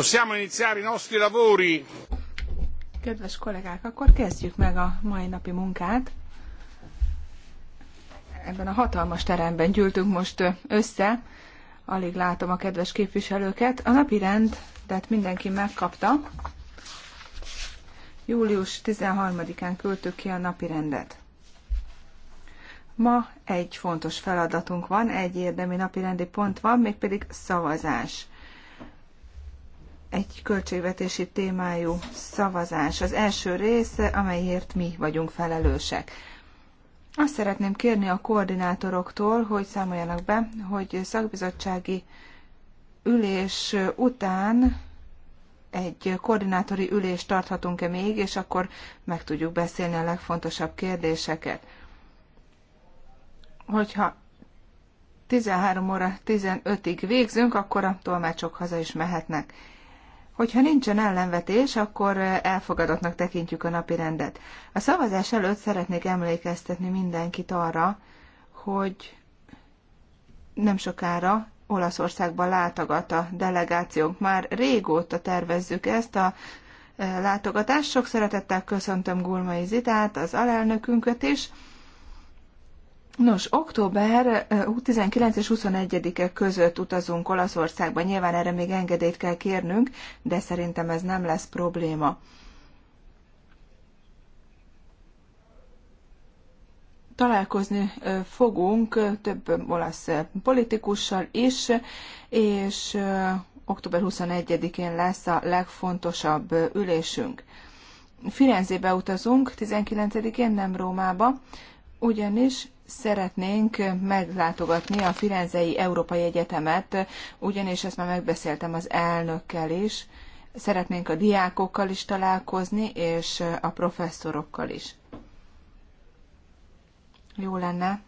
Possiamo iniziare i nostri lavori. Kedves kollégák, akkor kezdjük meg a mai napi munkát. Ebben a hatalmas teremben gyűltünk most össze. Alig látom a kedves képviselőket. A napi rend, tehát mindenki megkapta. Július 13-án küldtük ki a napi rendet. Ma egy fontos feladatunk van, egy érdemi napirendi pont van, mégpedig szavazás egy költségvetési témájú szavazás. Az első része, amelyért mi vagyunk felelősek. Azt szeretném kérni a koordinátoroktól, hogy számoljanak be, hogy szakbizottsági ülés után egy koordinátori ülést tarthatunk-e még, és akkor meg tudjuk beszélni a legfontosabb kérdéseket. Hogyha 13 óra 15-ig végzünk, akkor a tolmácsok haza is mehetnek. Hogyha nincsen ellenvetés, akkor elfogadottnak tekintjük a napi rendet. A szavazás előtt szeretnék emlékeztetni mindenkit arra, hogy nem sokára Olaszországban látogat a delegációnk. Már régóta tervezzük ezt a látogatást. Sok szeretettel köszöntöm Gulmai Zitát, az alelnökünket is. Nos, október 19 és 21-e között utazunk Olaszországba. Nyilván erre még engedélyt kell kérnünk, de szerintem ez nem lesz probléma. Találkozni fogunk több olasz politikussal is, és október 21-én lesz a legfontosabb ülésünk. Firenzébe utazunk 19-én, nem Rómába, ugyanis szeretnénk meglátogatni a Firenzei Európai Egyetemet, ugyanis ezt már megbeszéltem az elnökkel is. Szeretnénk a diákokkal is találkozni, és a professzorokkal is. Jó lenne,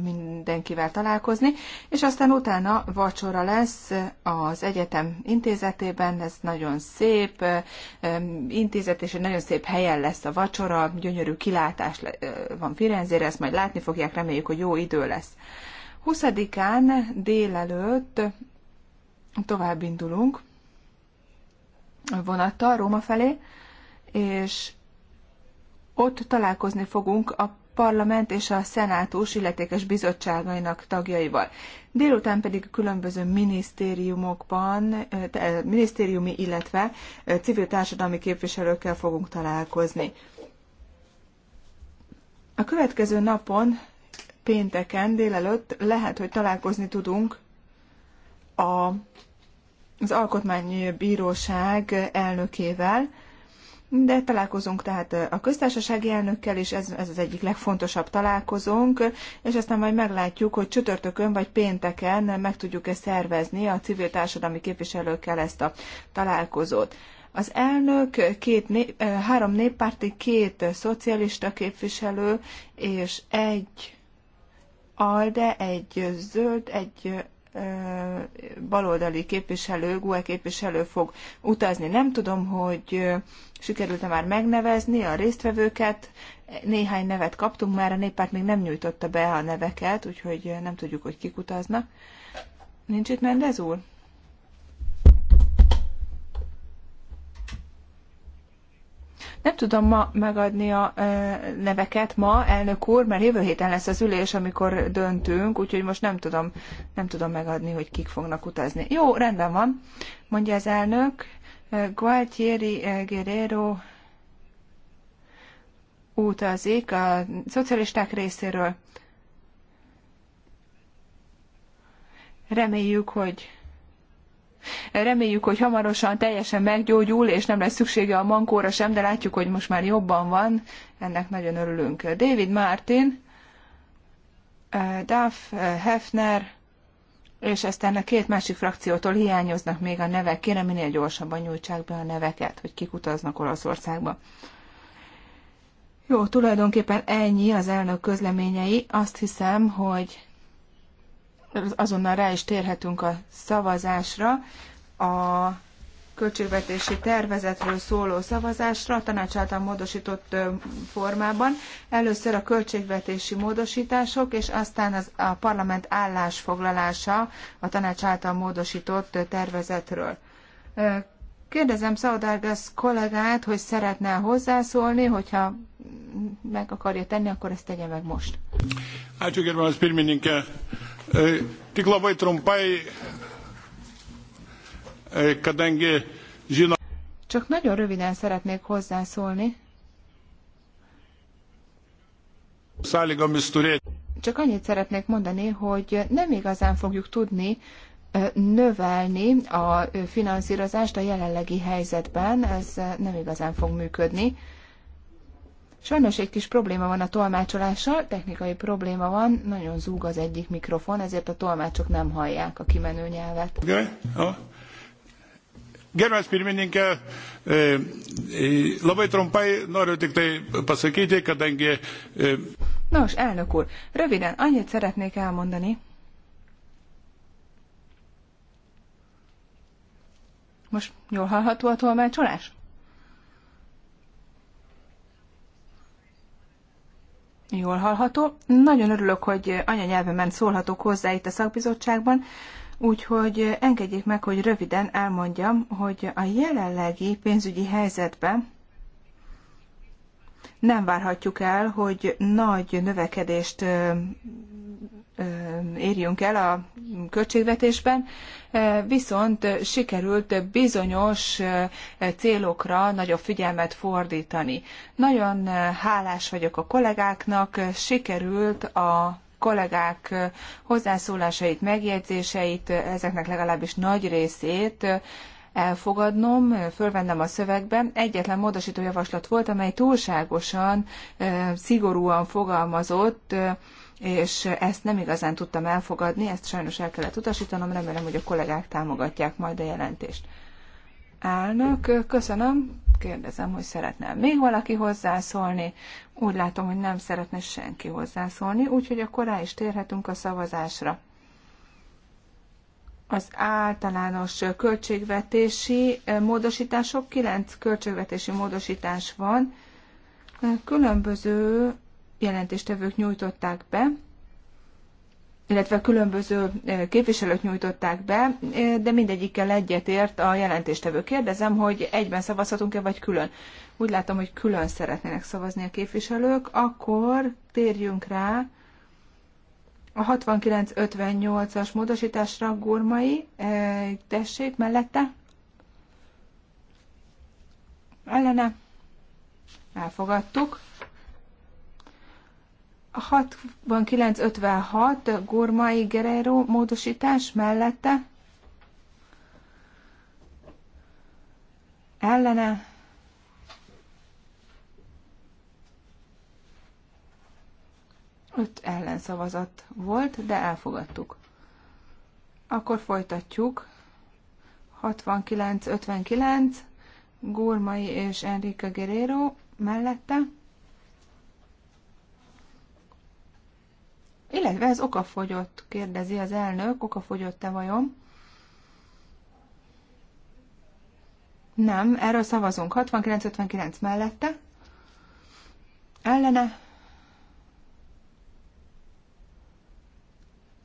mindenkivel találkozni, és aztán utána vacsora lesz az egyetem intézetében, ez nagyon szép intézet, és egy nagyon szép helyen lesz a vacsora, gyönyörű kilátás van Firenzére, ezt majd látni fogják, reméljük, hogy jó idő lesz. 20-án délelőtt tovább indulunk vonattal Róma felé, és ott találkozni fogunk a parlament és a szenátus illetékes bizottságainak tagjaival. Délután pedig különböző minisztériumokban, minisztériumi, illetve civil társadalmi képviselőkkel fogunk találkozni. A következő napon, pénteken délelőtt lehet, hogy találkozni tudunk a, az Alkotmánybíróság elnökével, de találkozunk tehát a köztársasági elnökkel, és ez, ez az egyik legfontosabb találkozónk, és aztán majd meglátjuk, hogy csütörtökön vagy pénteken meg tudjuk-e szervezni a civil társadalmi képviselőkkel ezt a találkozót. Az elnök két három néppárti, két szocialista képviselő, és egy ALDE, egy zöld, egy baloldali képviselő, GUE képviselő fog utazni. Nem tudom, hogy sikerült-e már megnevezni a résztvevőket. Néhány nevet kaptunk már, a néppárt még nem nyújtotta be a neveket, úgyhogy nem tudjuk, hogy kik utaznak. Nincs itt Mendez úr? Nem tudom ma megadni a e, neveket ma, elnök úr, mert jövő héten lesz az ülés, amikor döntünk, úgyhogy most nem tudom, nem tudom megadni, hogy kik fognak utazni. Jó, rendben van, mondja az elnök. E, Gualtieri e, Guerrero utazik a szocialisták részéről. Reméljük, hogy Reméljük, hogy hamarosan teljesen meggyógyul, és nem lesz szüksége a mankóra sem, de látjuk, hogy most már jobban van. Ennek nagyon örülünk. David Martin, Duff, Hefner, és aztán a két másik frakciótól hiányoznak még a nevek. Kérem, minél gyorsabban nyújtsák be a neveket, hogy kik utaznak Olaszországba. Jó, tulajdonképpen ennyi az elnök közleményei. Azt hiszem, hogy azonnal rá is térhetünk a szavazásra, a költségvetési tervezetről szóló szavazásra, a tanács által módosított formában. Először a költségvetési módosítások, és aztán az, a parlament állásfoglalása a tanács által módosított tervezetről. Kérdezem Szaudárgász kollégát, hogy szeretne hozzászólni, hogyha meg akarja tenni, akkor ezt tegye meg most. Hát, Tik labai trumpai, kadangi žino. Csak nagyon röviden szeretnék hozzászólni. Csak annyit szeretnék mondani, hogy nem igazán fogjuk tudni növelni a finanszírozást a jelenlegi helyzetben, ez nem igazán fog működni. Sajnos egy kis probléma van a tolmácsolással, technikai probléma van, nagyon zúg az egyik mikrofon, ezért a tolmácsok nem hallják a kimenő nyelvet. Gerbiamas pirmininkė, labai trumpai noriu tik tai pasakyti, kadangi. Nos, elnök úr, röviden annyit szeretnék elmondani. Most jól hallható a tolmácsolás? Jól hallható. Nagyon örülök, hogy anyanyelvemen szólhatok hozzá itt a szakbizottságban, úgyhogy engedjék meg, hogy röviden elmondjam, hogy a jelenlegi pénzügyi helyzetben nem várhatjuk el, hogy nagy növekedést érjünk el a költségvetésben, viszont sikerült bizonyos célokra nagyobb figyelmet fordítani. Nagyon hálás vagyok a kollégáknak, sikerült a kollégák hozzászólásait, megjegyzéseit, ezeknek legalábbis nagy részét elfogadnom, fölvennem a szövegben. Egyetlen módosító javaslat volt, amely túlságosan szigorúan fogalmazott és ezt nem igazán tudtam elfogadni, ezt sajnos el kellett utasítanom, remélem, hogy a kollégák támogatják majd a jelentést. Elnök, köszönöm, kérdezem, hogy szeretne még valaki hozzászólni. Úgy látom, hogy nem szeretne senki hozzászólni, úgyhogy akkor rá is térhetünk a szavazásra. Az általános költségvetési módosítások, kilenc költségvetési módosítás van, különböző jelentéstevők nyújtották be, illetve különböző eh, képviselők nyújtották be, eh, de mindegyikkel egyetért a jelentéstevő. Kérdezem, hogy egyben szavazhatunk-e, vagy külön? Úgy látom, hogy külön szeretnének szavazni a képviselők, akkor térjünk rá a 69-58-as módosításra gurmai, eh, tessék, mellette. Ellene. Elfogadtuk. 6956 Gormai Guerrero módosítás mellette ellene öt ellenszavazat volt, de elfogadtuk. Akkor folytatjuk. 69-59 Gormai és Enrique Guerrero mellette illetve ez okafogyott, kérdezi az elnök, okafogyott-e vajon? Nem, erről szavazunk. 69-59 mellette. Ellene.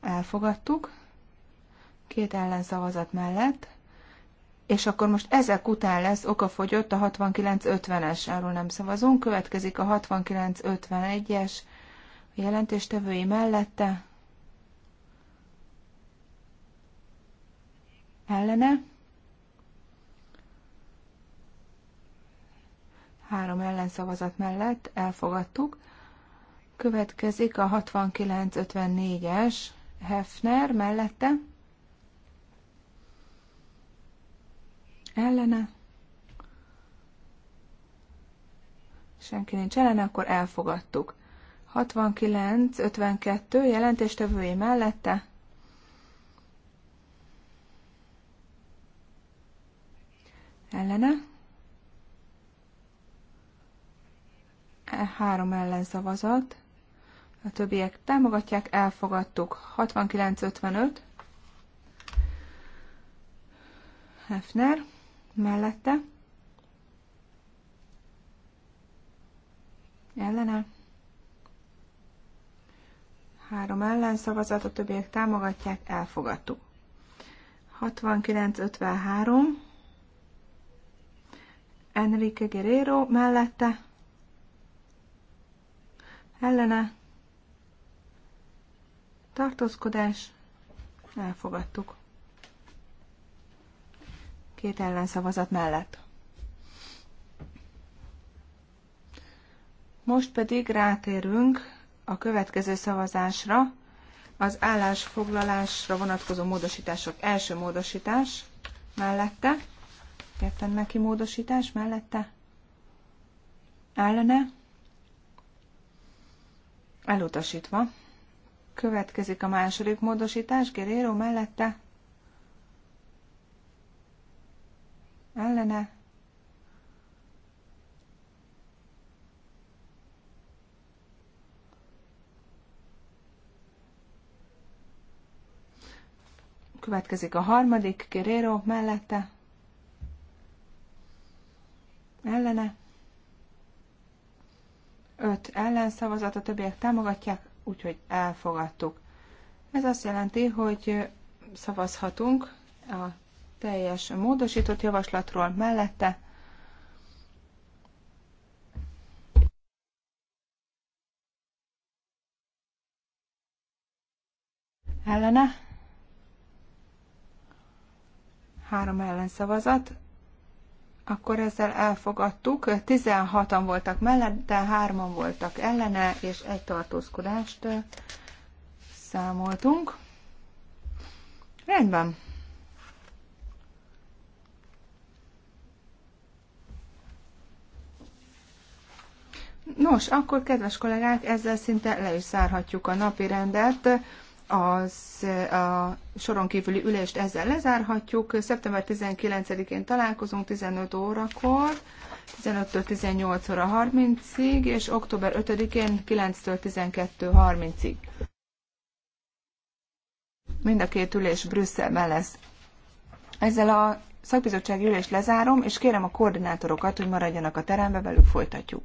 Elfogadtuk. Két ellenszavazat mellett. És akkor most ezek után lesz okafogyott a 69-50-es, erről nem szavazunk. Következik a 69-51-es jelentéstevői mellette, ellene, három ellenszavazat mellett elfogadtuk. Következik a 6954 es Hefner mellette, ellene, senki nincs ellene, akkor elfogadtuk. 69-52 jelentéstevői mellette. Ellene. E, három ellen szavazat. A többiek támogatják, elfogadtuk. 69-55. Hefner mellette. Ellene. Három szavazat, a többiek támogatják, elfogadtuk. 69-53. Enrique Guerrero mellette. Ellene. Tartózkodás. Elfogadtuk. Két ellenszavazat mellett. Most pedig rátérünk a következő szavazásra az állásfoglalásra vonatkozó módosítások első módosítás mellette, értem neki módosítás mellette, ellene, elutasítva. Következik a második módosítás, geréro mellette, ellene, Következik a harmadik, Guerrero mellette. Ellene. Öt ellenszavazat, a többiek támogatják, úgyhogy elfogadtuk. Ez azt jelenti, hogy szavazhatunk a teljes módosított javaslatról mellette. Ellene? Három ellenszavazat. Akkor ezzel elfogadtuk. 16-an voltak mellette, 3-an voltak ellene, és egy tartózkodást számoltunk. Rendben. Nos, akkor kedves kollégák, ezzel szinte le is zárhatjuk a napi rendet az a soron kívüli ülést ezzel lezárhatjuk. Szeptember 19-én találkozunk 15 órakor, 15-től 18 óra 30-ig, és október 5-én 9-től 12.30-ig. Mind a két ülés Brüsszelben lesz. Ezzel a szakbizottsági ülést lezárom, és kérem a koordinátorokat, hogy maradjanak a terembe, velük folytatjuk.